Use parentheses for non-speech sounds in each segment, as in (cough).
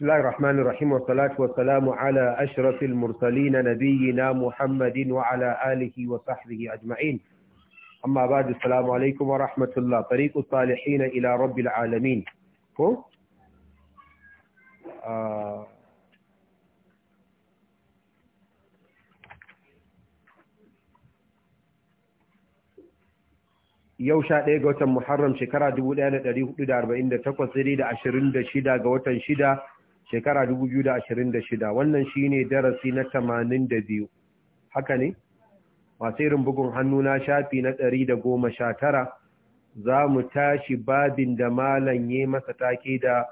بسم الله الرحمن الرحيم والصلاة والسلام على أشرف المرسلين نبينا محمد وعلى آله وصحبه أجمعين أما بعد السلام عليكم ورحمة الله طريق الصالحين إلى رب العالمين هو؟ آه yau محرم شكرا ga watan Muharram shekara 1448 تقوى سريد da دا ga watan shida shekara 2026 wannan shi ne darasi na 82 haka ne masu irin bugun hannu na shafi na 119 za mu tashi babin da malam ya masa take da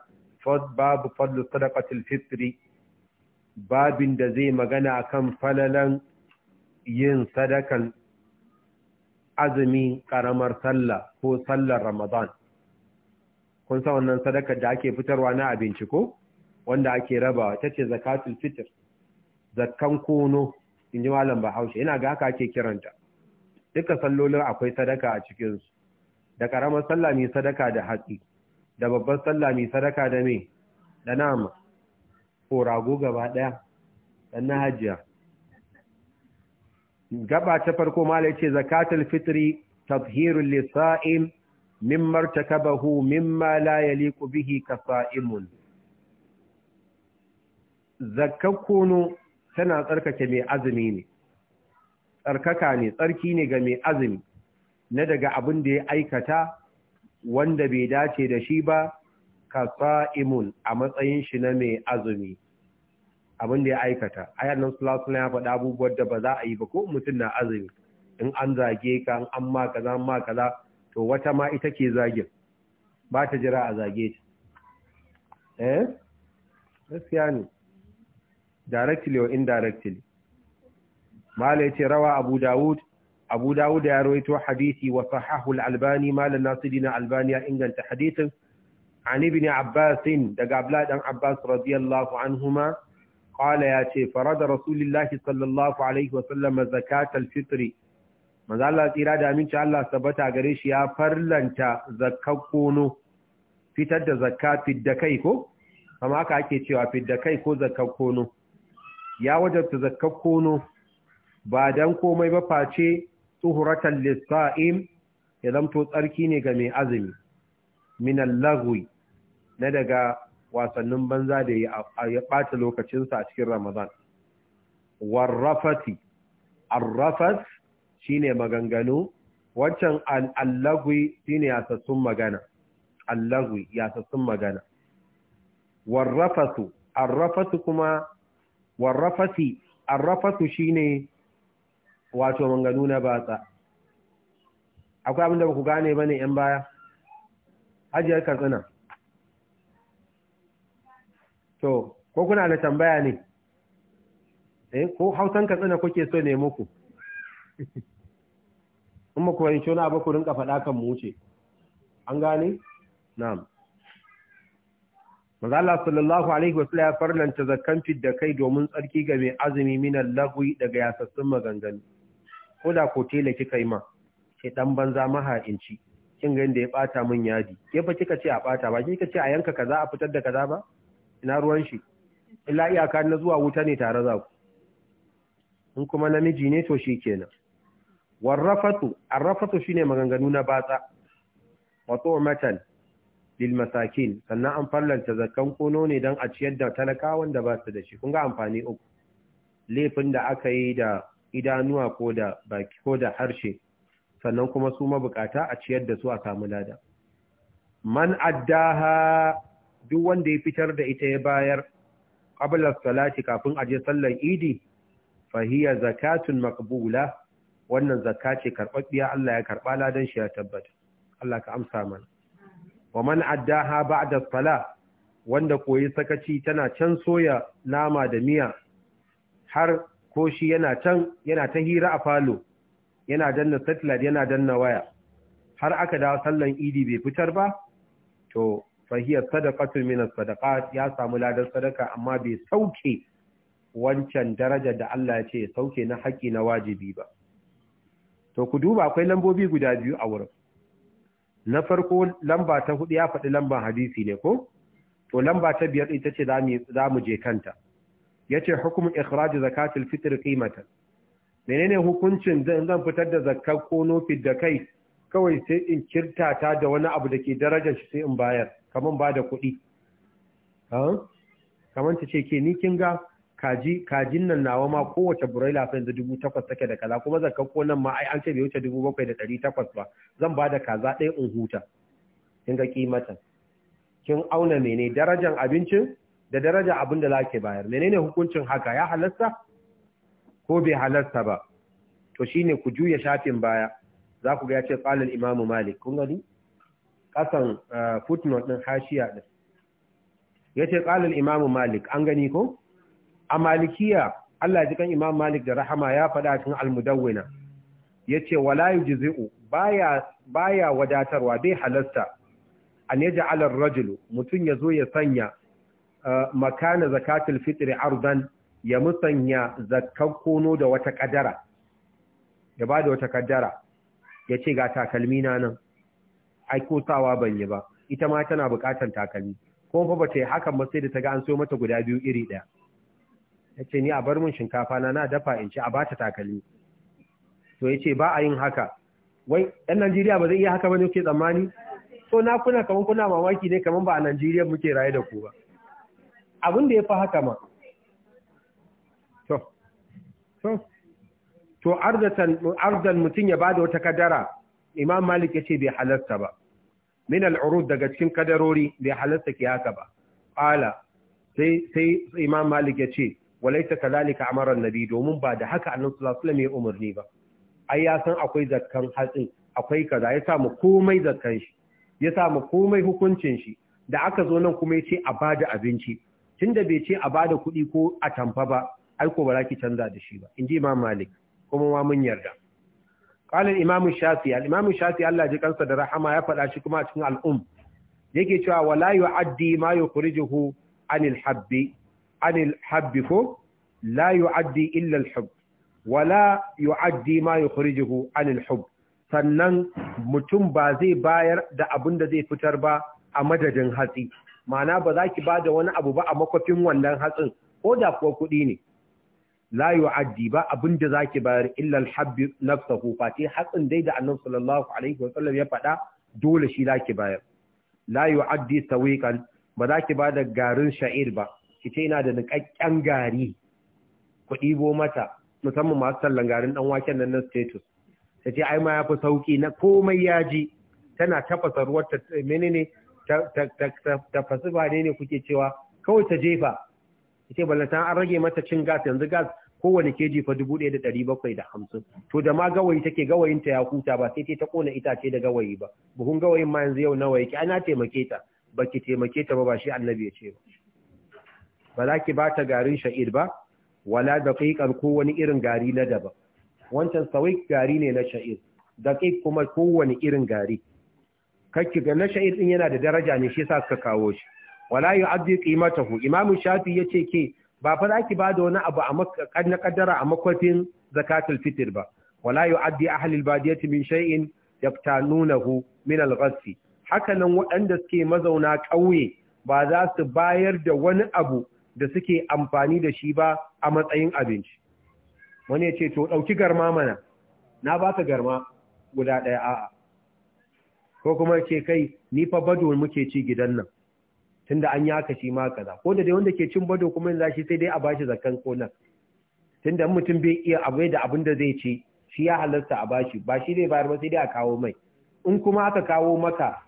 babu fadlu sadakatul fitri babin da zai magana kan falalan yin sadakan azumi karamar sallah ko sallar ramadan kun san wannan sadaka da ake fitarwa na abinci ko wanda ake rabawa ta ce zakatul fitr zakkan kono in ji malam bahaushe Ina ga haka ake kiranta duka sallolin akwai sadaka a cikinsu da karamar sallah mai sadaka da hatsi da babbar sallah mai sadaka da me da nama ko rago gaba daya dan na hajiya gaba ta farko malai ce zakatul fitri tadhhirul lisa'im mimma takabahu mimma la yaliqu bihi kasa'imun zakkar kono tana tsarkake mai azumi ne tsarkaka ne tsarki ne ga mai azumi na daga abin da ya aikata wanda bai dace da shi ba ka sa'imun a matsayin shi na mai azumi abin da ya aikata ayar nan sulasun ya faɗa abubuwan da ba za a yi ba ko mutum na azumi in an zage ka in an ma kaza an ma kaza to wata ma ita ke zagin ba ta jira a zage ta eh gaskiya ne directly or indirectly mala ce rawa abu daud abu daud ya rawaito hadisi wa sahahu al-albani malan nasirin albani ya inganta hadisin an ibn abbas daga abla dan abbas radiyallahu anhuma qala yace farada rasulullahi sallallahu alaihi wa sallam zakat al-fitr manzo Allah tsira da aminci Allah sabata gare shi ya farlanta zakat fitar da zakat fidda kai ko kama aka ake cewa fidda kai ko zakat kono ya wajabta zakkar kono ba dan komai ba face tuhuratan lissa'im ya zamto tsarki ne ga mai azumi minan lagwi na daga wasannin banza da ya ɓata lokacinsa a cikin ramadan warrafati arrafat shine maganganu waccan allagwi shine yasassun magana allagwi yasassun magana warrafatu arrafatu kuma warrafasi arrafasu shine wato manganu na batsa akwai abinda ba ku gane ba ne ‘yan baya hajiyar katsina to ko kuna da tambaya ne eh ko hausan katsina kuke so ne muku kuma ba ku wani shona ba ku rinka faɗa kan mu wuce an gane na'am Maza Mazala sallallahu Alaihi wasallam ya farlanta zakkan da kai domin tsarki ga mai azumi minan lagwi daga yasassun maganganu. Ko da ko tela kika yi ma, Sai ɗan banza maha'inci, kin ga da ya ɓata min yadi. Ke fa kika ce a ɓata ba, kika ce a yanka kaza a fitar da kaza ba? Ina ruwan shi. Illa iyaka na zuwa wuta ne tare za ku. In kuma namiji ne to shi kenan. Warrafatu, arrafatu shine maganganu na batsa. Wato matan, lil masakin sannan an farlanta zakkan kono ne don a ciyar da talakawan da ba su da shi kun ga amfani uku laifin da aka yi da idanuwa ko da baki ko da harshe sannan kuma su mabukata a ciyar da su a samu lada man addaha duk wanda ya fitar da ita ya bayar qabla salati kafin aje sallar idi hiya zakatun maqbula wannan zakka ce Allah ya karba ladan shi ya tabbata Allah ka amsa mana wa man addaha ba'da sala wanda koyi sakaci tana can soya nama da miya har ko shi yana can yana ta hira a falo yana danna satellite yana danna waya har aka dawo sallan idi bai fitar ba to fahiyar sadaqatul min sadaqat ya samu ladar sadaka amma bai sauke wancan daraja da Allah ya ce sauke na haƙi na wajibi ba to ku duba akwai lambobi guda biyu a wurin na farko lamba ta hudu ya faɗi lamban hadisi ne ko to lamba ta biyar ita ce za mu je kanta Ya yace hukumin ikhraj zakatul fitr kimata menene hukuncin zan fitar da zakar ko nufin da kai kawai sai in kirtata da wani abu da ke darajar shi sai in bayar Kamar ba da kuɗi Kamar ta ce ke ni kin ga kaji kajin nan nawa ma kowace broiler fa yanzu dubu takwas take da kaza kuma zakar ko nan ma ai an ce bai wuce dubu bakwai da ɗari takwas ba zan ba da kaza ɗaya in huta kin ga kimata kin auna mene darajar abincin da daraja abin da lake bayar menene hukuncin haka ya halasta ko bai halasta ba to shine ku juya shafin baya za ku ga ya ce qalal imamu malik kun gani kasan eh, footnote din hashiya din yace qalal imamu malik an gani ko a malikiya Allah ji kan Imam Malik da rahama ya faɗa cikin al-mudawwina yace wala yujzi'u baya baya wadatarwa bai halasta an yaj'al ar-rajulu ya zo ya sanya eh, makana zakatul fitri ardan ya musanya zakar kono da wata kadara ya bada wata kadara yace ga takalmi na nan ai ko sawa ban yi ba ita ma tana bukatan takalmi ko fa bata yi hakan ba sai da ta ga an so mata guda biyu iri ɗaya. ya ce ni a bar mun shinkafa na na dafa in ci a bata takalmi to ya ce ba a yin haka wai yan najeriya ba zai iya haka ba ne kuke tsammani so na kuna kaman kuna mamaki ne kaman ba a najeriya muke raye da ku ba abin da ya fi haka ma to to to ardan mutum ya bada wata kadara imam malik ya ce bai halarta ba min al'urud daga cikin kadarori bai halarta ke haka ba sai sai imam malik ya ce walaita kadhalika amara nabi domin ba da haka annabi sallallahu alaihi wasallam ya umarni ba ai ya san akwai zakkan hatsin akwai kaza ya samu komai zakkan shi ya samu komai hukuncin shi da aka zo nan kuma ya ce a bada abinci tunda bai ce a bada kuɗi ko a tamfa ba ai ko ba za ki canza da shi ba inji imam malik kuma ma mun yarda qala al-imam shafi al-imam shafi Allah ji kansa da rahama ya faɗa shi kuma a cikin al'um yake cewa wala yu'addi ma yukhrijuhu anil habbi anil habbi ko la yu'addi illa al-hubb wala yu'addi ma yukhrijuhu anil sannan mutum ba zai bayar da abin da zai fitar ba a madadin hatsi ma'ana ba za ki da wani abu ba a makwafin wannan hatsin ko da kuwa kuɗi ne la yu'addi ba abin da zaki bayar illa al-habbi nafsuhu fati hatsin dai da annabi sallallahu alaihi wa sallam ya faɗa dole shi zaki bayar la yu'addi sawiqan ba ba da garin sha'ir ba ki ce ina da niƙaƙƙen gari ku ɗibo mata musamman masu tallan garin ɗan waken nan na status ta ce ai ma ya fi sauƙi na komai ya ji tana tafasa ruwar ta menene ta fasu ba ne kuke cewa kawai ta jefa ta ce an rage mata cin gas yanzu gas kowane keji fa dubu ɗaya da ɗari bakwai da hamsin to da ma gawayi take gawayin ta ya huta ba sai ta kona itace da gawayi ba buhun gawayin ma yanzu yau nawa yake ana taimake ta baki taimake ta ba ba shi annabi ya ce ba ba za ki ba ta garin sha'ir ba wala daƙiƙar ko wani irin gari na daban wancan sawik gari ne na sha'ir daƙiƙ kuma wani irin gari kakki ga na sha'ir din yana da daraja ne shi yasa suka kawo shi wala yu'addi qimatahu imamu shafi yace ke ba fa za ki ba da wani abu a na kaddara a makwafin zakatul fitr ba wala yu'addi ahli al-badiyati min shay'in yaftanunahu min al Haka nan, waɗanda suke mazauna ƙauye ba za su bayar da wani abu da suke amfani da shi ba a matsayin abinci wani ya ce to ɗauki garma mana na ba ta garma guda ɗaya a'a ko kuma ce kai ni fa bado muke ci gidan nan tunda an yi haka shi ma kaza ko da dai wanda ke cin bado kuma yanzu shi sai dai a bashi konar. Tun tunda mutum bai iya abu da abin da zai ci shi ya halarta a bashi ba shi zai bayar ba sai dai a kawo mai in kuma aka kawo maka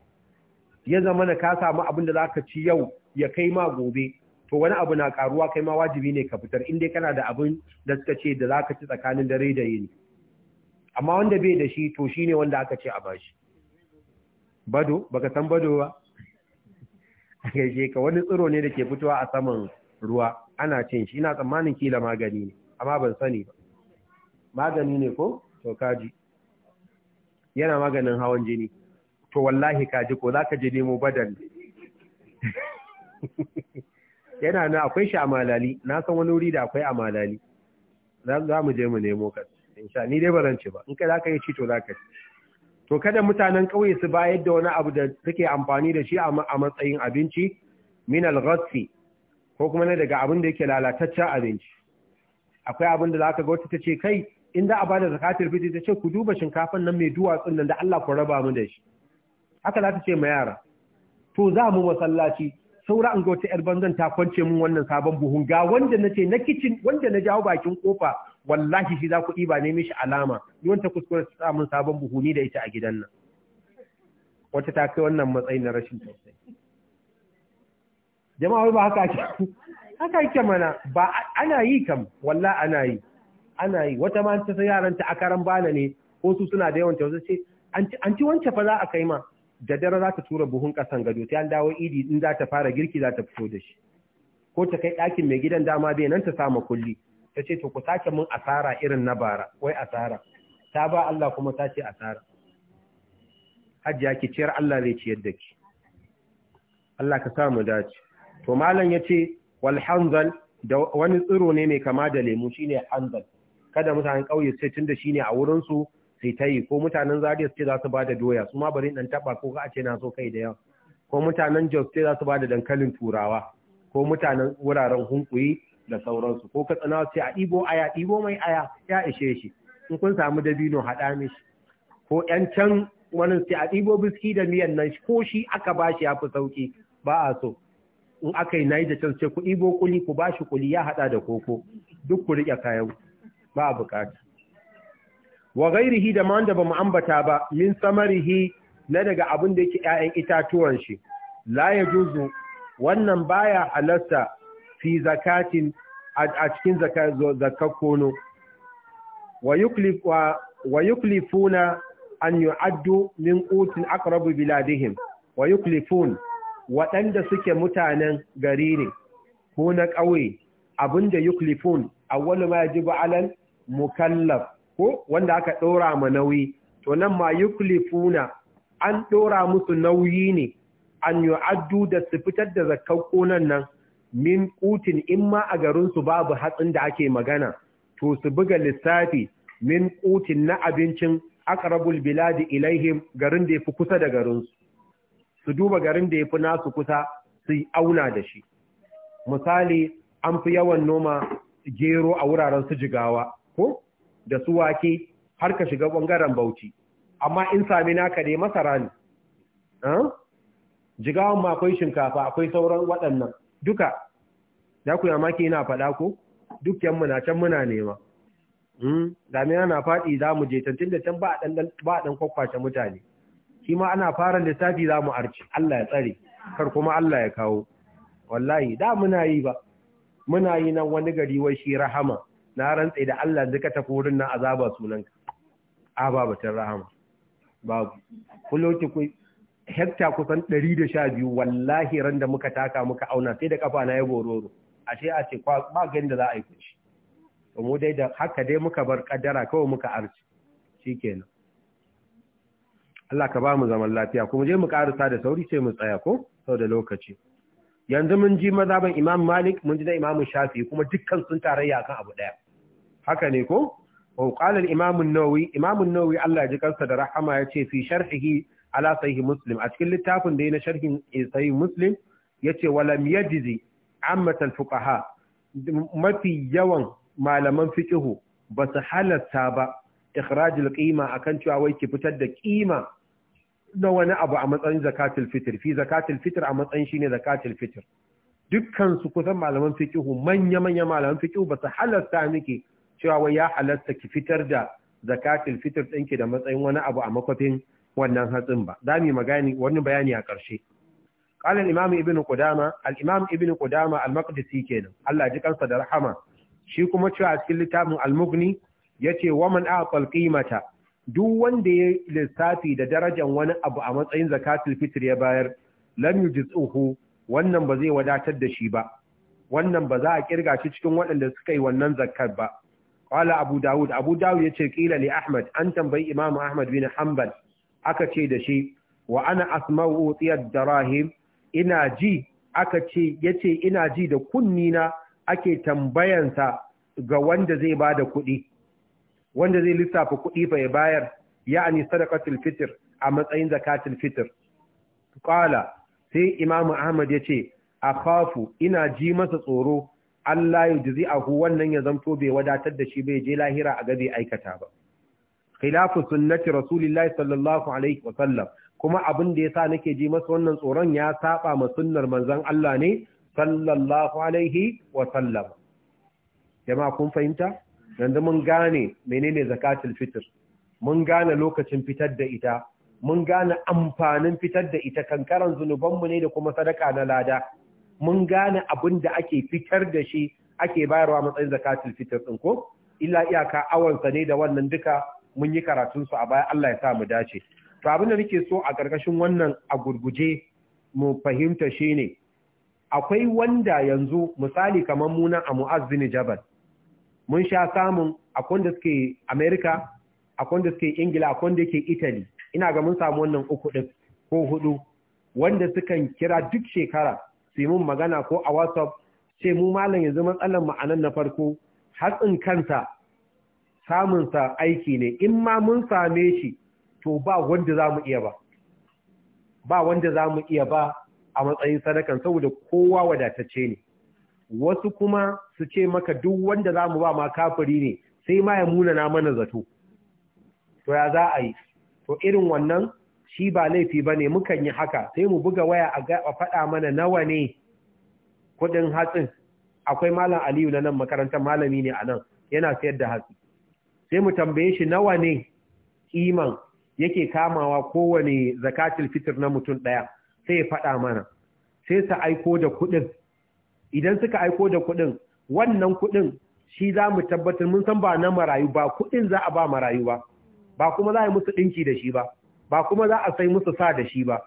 ya zama na ka samu abin da za ka ci yau ya kai ma gobe to wani abu na karuwa kai ma wajibi ne ka fitar in kana da abin da suka ce da zaka ci tsakanin dare da yini amma wanda bai da shi to shine wanda aka ce a bashi bado baka san bado ba (laughs) gaishe ka wani tsiro ne da ke fitowa a saman ruwa ana cin shi ina tsammanin kila magani ne amma ban sani ba magani ne ko to kaji yana maganin hawan jini to wallahi kaji ko zaka je nemo badan (laughs) yana na akwai shi a malali na san wani wuri da akwai a malali za mu je mu nemo ka insha ni dai baran ba in kai zaka yi ci to zaka ci to kada mutanen kauye su bayar da wani abu da suke amfani da shi a matsayin abinci min al ko kuma ne daga abin da yake lalataccen abinci akwai abin da zaka ga wata tace kai in da a bada zakatul fitri ta ce ku duba shinkafan nan mai duwatsun nan da Allah ku raba mu da shi haka za ta ce ma yara to za mu masallaci saura an ga wata yar banzan ta kwance mun wannan sabon buhun ga wanda na ce na kicin wanda na jawo bakin kofa wallahi shi za ku ɗiba ne mishi alama ni wanta kuskure ta samun sabon buhu ni da ita a gidan nan wata ta kai wannan matsayi na rashin tausayi jama'a ba haka ake haka ake mana ba ana yi kam wallahi ana yi ana yi wata ma ta yaran ta akaran bana ne ko su suna da yawan tausayi an ci wance fa za a kai ma da dare za ta tura buhun ƙasan gado ta dawo idi in za ta fara girki za ta fito da shi ko ta kai ɗakin mai gidan dama bai nan ta sama kulli ta ce to ku sake mun asara irin na bara wai asara ta ba Allah kuma ta ce asara hajjiya ki ciyar Allah zai ciyar da ki Allah ka sa mu dace to malam yace wal hanzal da wani tsiro ne mai kama da lemu shine hanzal kada mutanen kauye sai tunda shine a wurin su sai ta yi ko mutanen Zaria su ce za su ba da doya su ma bari dan taba ko ka ce na so kai da yawa ko mutanen Jos ce za su ba da dankalin turawa ko mutanen wuraren hunkuyi da sauransu ko ka tsana ce a ɗibo aya ɗibo mai aya ya ishe shi in kun samu dabino haɗa mishi ko ƴan can wani sai a ɗibo biski da miyan nan ko shi aka ba shi ya fi sauki ba a so in aka yi yi da can ce ku ɗibo kuli ku ba shi kuli ya haɗa da koko duk ku riƙe kayan ba a buƙata wa ghairihi da ma wanda mu ambata ba min samarihi na daga abin da yake ƴaƴan itatuwan shi la yajuzu wannan baya halarta fi zakatin a cikin zakar kono wa yuklifuna an yu'addu min qutin aqrabu biladihim wa yuklifun waɗanda suke mutanen gari ne ko na ƙauye abinda yuklifun awwalu ma yajibu alal mukallaf ko wanda aka ɗora ma nauyi to nan ma yuklifuna an ɗora musu nauyi ne an addu da su fitar da zakkau konan nan min kutin in ma a garinsu babu hatsin da ake magana to su buga lissafi min kutin na abincin aqrabul biladi ilaihim garin da yafi kusa da garinsu su duba garin da yafi nasu kusa su auna da shi misali an fi yawan noma gero a wuraren su jigawa ko da su wake har ka shiga ɓangaren bauchi amma in sami naka ne masara ne jigawan ma akwai shinkafa akwai sauran waɗannan duka da ku yamaki yana faɗa ko duk yan muna can muna nema hmm? damina na faɗi za mu je tantin da can ba a ɗan kwakwace mutane shi ma ana fara lissafi za mu arci Allah ya tsare kar kuma Allah ya kawo wallahi da muna yi ba muna yi nan wani gari wai shi rahama na rantse da Allah duka tafi wurin nan azaba sunanka a babatin rahama babu kuloti ku hekta kusan 112 wallahi ran da muka taka muka auna sai da kafa na ya bororo ashe a ce ba gani da za a yi kunshi to mu dai da haka dai muka bar kaddara kawai muka arci shikenan Allah ka ba mu zaman lafiya kuma je mu karasa da sauri sai mu tsaya ko sau da lokaci yanzu mun ji mazaban Imam Malik mun ji da Imam Shafi kuma dukkan sun tarayya kan abu daya haka ne ko wa qala al-Imam an-Nawawi Imam an-Nawawi Allah ji kansa da rahama ce fi sharhihi ala sahih Muslim a cikin littafin da yana sharhin eh, sahih Muslim yace Wala yajzi ammat al-fuqaha mafi yawan malaman fiqhu ba su halatta ba ikhrajul qima akan cewa wai ki fitar da qima na wani abu a matsayin zakatul fitr fi zakatul fitr a matsayin shine zakatul fitr dukkan su kusan malaman fiqhu manya manya malaman fiqhu ba su halasta miki cewa wai ya halasta ki fitar da zakatul fitr ɗinki da matsayin wani abu a makwafin wannan hatsin ba za mu magani wani bayani a ƙarshe قال الإمام ابن قدامة الإمام ابن قدامة المقدسي da الله shi صدر cewa cikin كما تشوى أسكيل تابن المغني يتي ومن أعطى القيمة duk wanda ya lissafi da darajan wani abu a matsayin zakatul fitr ya bayar lam yujzuhu wannan ba zai wadatar da shi ba wannan ba za a kirga shi cikin waɗanda suka yi wannan zakat ba qala abu daud abu daud yace qila li ahmad an tambayi imam ahmad bin hanbal aka ce da shi wa ana asma'u utiyad darahim ina ji aka ce yace ina ji da kunni na ake tambayansa ga wanda zai bada kuɗi wanda zai lissafa kuɗi fa ya bayar ya'ani sadaqatul fitr a matsayin zakatul fitr qala sai imam ahmad yace akhafu ina ji masa tsoro Allah ya jizi ahu wannan ya zamto bai wadatar da shi bai je lahira a gabe aikata ba khilafu sunnati rasulillahi sallallahu alaihi wa sallam kuma abin da yasa nake ji masa wannan tsoron ya saba ma sunnar manzon Allah ne sallallahu alaihi wa sallam jama'a kun fahimta yanzu mun gane menene zakatul fitr mun gane lokacin fitar da ita mun gane amfanin fitar da ita kankaran mu ne da kuma sadaka na lada mun gane abin da ake fitar da shi ake bayarwa matsayin zakatul fitr din ko illa iyaka awansa ne da wannan duka mun yi karatun su a baya Allah ya sa mu dace to abin da nake so a karkashin wannan a gurguje mu fahimta shine akwai wanda yanzu misali kamar Muna a Mu'azzini Jabal mun sha samun akwai da suke Amerika, akwai da suke Ingila, akwai da yake Italy. Ina ga mun samu wannan uku ɗin ko hudu wanda sukan kira duk shekara su yi mun magana ko a WhatsApp ce mu malam yanzu matsalar ma'anan na farko hatsin kansa samun sa aiki ne in ma mun same shi to ba wanda za mu iya ba ba wanda za mu iya ba a matsayin sadakan saboda kowa wadatacce ne wasu kuma su ce maka duk wanda za mu ba ma kafiri ne sai ma ya munana mana zato to ya za a yi to irin wannan shi ba laifi ba ne mukan yi haka sai mu buga waya a faɗa mana nawa ne kuɗin hatsin akwai malam aliyu na nan makarantar malami ne a nan yana sayar da hatsi sai mu tambaye shi nawa ne kiman yake kamawa kowane zakatul fitr na mutum ɗaya sai ya faɗa mana sai sa aiko da kuɗin idan suka aiko da kuɗin wannan kuɗin shi za mu tabbatar mun san ba na marayu ba kuɗin za a ba marayu ba ba kuma za a yi musu ɗinki da shi ba ba kuma za a sai musu sa da shi ba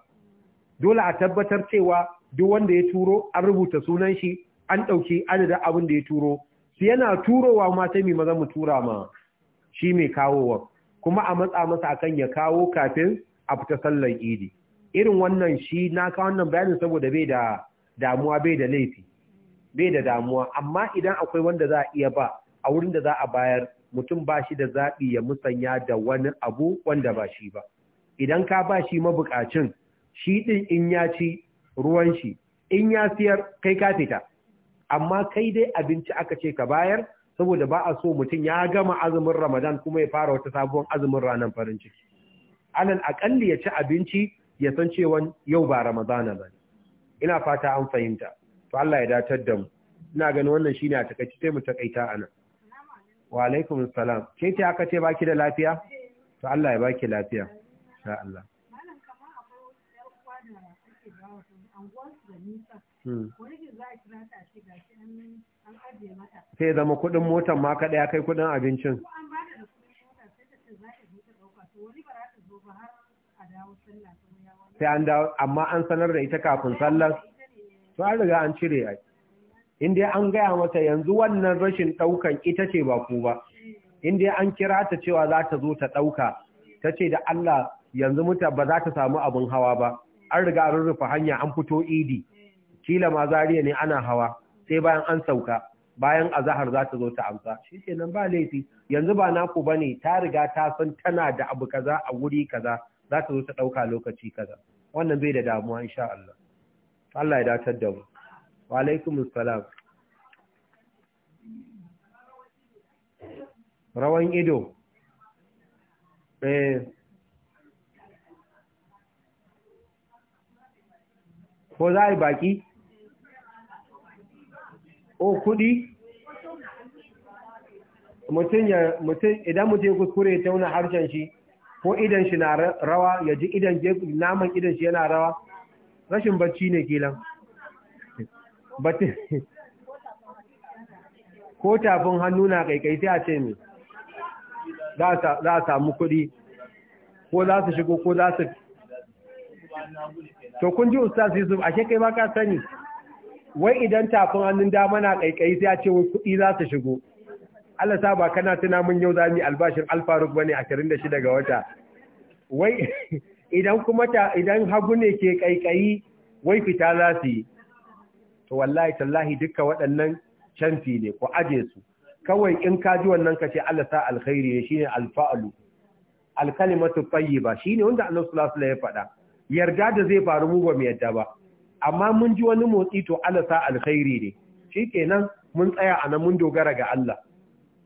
dole a tabbatar cewa duk wanda ya turo an rubuta sunan shi an ɗauki adadin abin da ya turo su yana turowa ma sai mai maza mu tura ma shi mai kawowa kuma a matsa masa akan ya kawo kafin a fita sallar idi irin wannan shi na kawo wannan bayanin saboda bai da damuwa bai da laifi bai da damuwa amma idan akwai wanda za a iya ba a wurin da za a bayar mutum ba shi da zaɓi ya musanya da wani abu wanda ba shi ba idan ka ba shi mabukacin shi ɗin in ya ci ruwan shi in ya siyar kai ka fita amma kai dai abinci aka ce ka bayar saboda ba a so mutum ya gama azumin ramadan kuma ya fara wata sabuwar azumin ranar farin ciki anan akalli ya ci abinci ya san cewa yau ba ramadana ba ina fata an fahimta to Allah ya datar da mu ina ganin wannan shine a takaice sai mu takaita ana wa alaikum assalam ke ce aka ce baki da lafiya to Allah ya baki lafiya insha Allah sai zama kudin motar ma kaɗai ya kai kudin abincin sai an dawo amma an sanar da ita kafin sallar to an riga an cire ai in dai an gaya mata yanzu wannan rashin ɗaukan ita ce ba ku ba in dai an kira ta cewa za ta zo ta ɗauka ta ce da Allah yanzu muta ba za ta samu abun hawa ba an riga an rufe hanya an fito idi kila ma zariya ne ana hawa sai bayan an sauka bayan azahar za ta zo ta amsa shi nan ba laifi yanzu ba naku bane ta riga ta san tana da abu kaza a wuri kaza za ta zo ta ɗauka lokaci kaza wannan bai da damuwa insha Allah Allah ya datar da mu wa alaikumus salam rawan ido eh ko za a yi baki o kudi mutum ya idan mutum ya kuskure ta wani harshen shi ko idan shi na rawa ya ji idan naman idan shi yana rawa rashin bacci ne kilan ko tafin hannu na kaikai sai a ce mai za a samu kuɗi ko za su shigo ko za su to kun ji ustaz yusuf a kai ma ka sani wai idan tafin hannun dama na kaikai sai a ce wai kuɗi za su shigo Allah sa ba kana tuna mun yau za mu yi albashin alfaruk bane 26 ga wata wai idan kuma ta idan hagu ne ke kaikayi wai fita za su yi to wallahi tallahi dukkan waɗannan canfi ne ku aje su kawai in ka ji wannan ka ce Allah sa alkhairi ne shine alfa'lu alkalimatu tayyiba shine wanda Allah sallallahu alaihi ya faɗa yarda da zai faru mu ba mu yarda ba amma mun ji wani motsi to Allah sa alkhairi ne shikenan mun tsaya a nan mun dogara ga Allah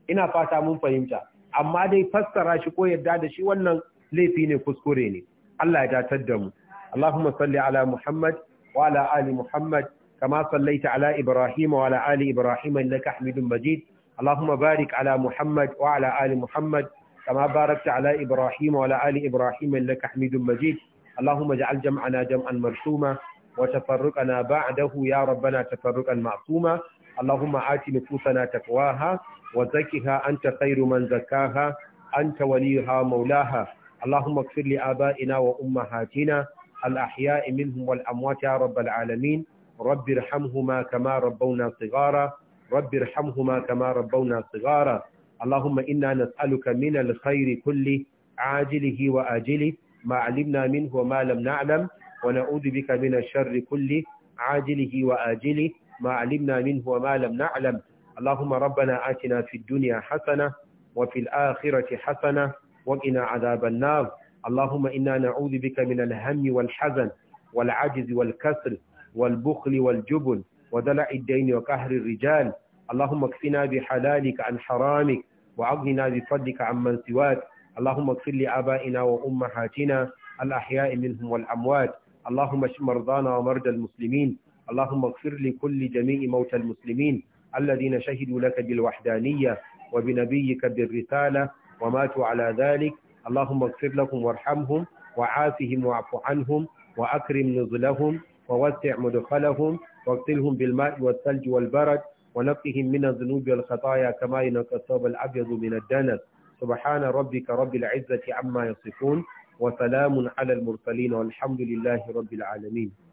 ina fata mun fahimta amma dai fassara shi ko yarda da shi wannan laifi ne kuskure ne Allah ya datar da mu. Allahumma salli ala Muhammad wa ala ali Muhammad kama sallaita ala Ibrahim wa ala ali Ibrahim innaka Hamidum Majid. Allahumma barik ala Muhammad wa ala ali Muhammad kama barakta ala Ibrahim wa ala ali Ibrahim innaka Hamidum Majid. Allahumma ja'al jam'ana jam'an marsuma wa tafarruqana ba'dahu ya rabbana tafarruqan ma'suma. Allahumma ati nufusa nufusana taqwaha wa zakkiha anta khairu man zakkaha anta waliha maulaha. اللهم اغفر لآبائنا وأمهاتنا الأحياء منهم والأموات يا رب العالمين رب ارحمهما كما ربونا صغارا رب ارحمهما كما ربونا صغارا اللهم إنا نسألك من الخير كله عاجله وآجله ما علمنا منه وما لم نعلم ونعوذ بك من الشر كله عاجله وآجله ما علمنا منه وما لم نعلم اللهم ربنا آتنا في الدنيا حسنة وفي الآخرة حسنة وقنا عذاب النار اللهم إنا نعوذ بك من الهم والحزن والعجز والكسل والبخل والجبن ودلع الدين وقهر الرجال اللهم اكفنا بحلالك عن حرامك وأغننا بفضلك عن من سواك اللهم اغفر لآبائنا وأمهاتنا الأحياء منهم والأموات اللهم اشف مرضانا ومرضى المسلمين اللهم اغفر لكل جميع موتى المسلمين الذين شهدوا لك بالوحدانية وبنبيك بالرسالة وماتوا على ذلك اللهم اغفر لهم وارحمهم وعافهم واعف عنهم وأكرم نزلهم ووسع مدخلهم واغسلهم بالماء والثلج والبرد ونقهم من الذنوب والخطايا كما ينقى الثوب الأبيض من الدنس سبحان ربك رب العزة عما يصفون وسلام على المرسلين والحمد لله رب العالمين